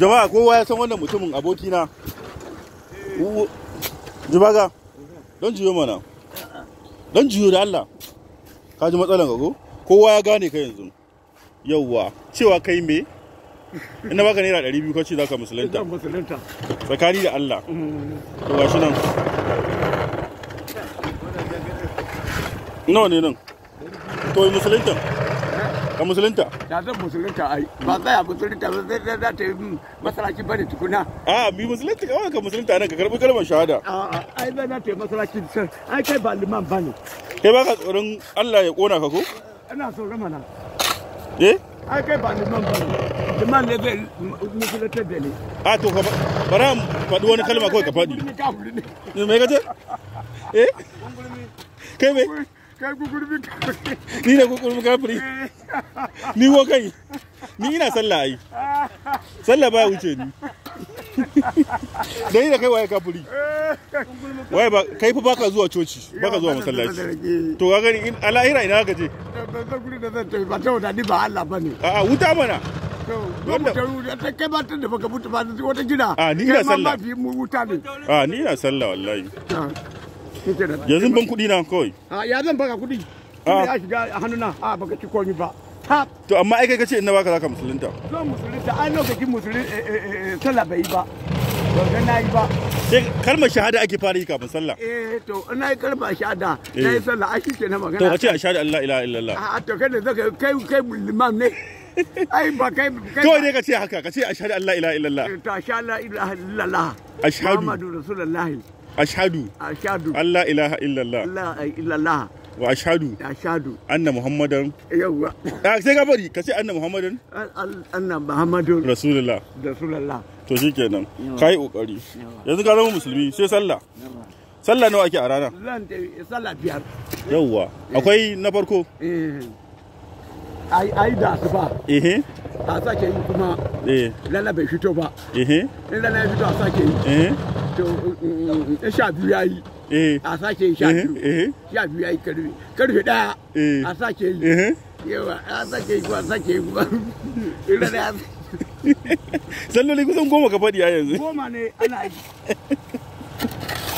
jama'a kowa ya san wannan mutumin abokina jibaga don jiyo mana don jiyo da allah ka ji matsalan gago kowa ya gane ka yanzu yauwa cewa kai me ina baka naira ɗari biyu za ka musulunta tsakani da allah da gashi nan nawa ne nan to musulunta ka musulunta da zan musulunta ai ba tsaya musulunta ba zai za ta yi masalaci bane tukuna a bi musulunta kawai ka musulunta nan ka karbi kalmar shahada a ai za ta yi masalaci san ai kai ba liman bane kai baka tsoron Allah ya kona ka ko ina so rama nan eh ai kai ba liman bane liman ne zai musulunta da ne a to ka a faɗi wani kalma kawai ka faɗi me kace eh kai me ni ne gugurbi kafiri ni wo kai ni ina sallah ai sallah ba wuce ni dai da kai waye kafiri waye ba kai fa baka zuwa coci baka zuwa masallaci to ga gani in alahira ina ka je da zan ba ta wata ni ba Allah bane a wuta mana wanda ta kai ba ta da baka mutu ba wata gida a ni ina sallah a ni ina sallah wallahi ah. yanzu ban kudi na kawai a ah, ya zan baka kuɗi ah. ya shiga a hannuna a baka ci komi ba to amma ai kai kace in na baka zaka musulunta zo musulunta ai lokacin musulun eh, eh, eh, sallah bai ba ba na yi ba sai kalmar shahada ake fara yi kafin sallah eh to ina yi kalmar shahada nayi sallah ai shike na magana to kace ashhadu an la ilaha illallah a ah, to kai ne zaka kai kai liman ne ai ba kai kai to ne ka ce haka ka ce ashhadu an la ilaha illallah to ashhadu an la ilaha illallah ashhadu muhammadu rasulullahi ashadu ashadu Allah ilaha illallah la illallah wa ashadu ashadu anna muhammadan yawa sai ka bari ka ce anna muhammadan anna muhammadun rasulullah rasulullah to shikenan kai kokari yanzu ka zama musulmi sai sallah sallah nawa ake a rana sallah biyar yawa eh. akwai na farko eh. ai ai da su ba eh a sake yi kuma eh lalabe bai fito ba eh lalla ya fito a sake yi eh wato eh, sha yi eh. a sake sha eh, yi karfe daya a yi yawa a yi kuma yi kuma ina da salloli kusan goma ka faɗi a yanzu goma ne ana yi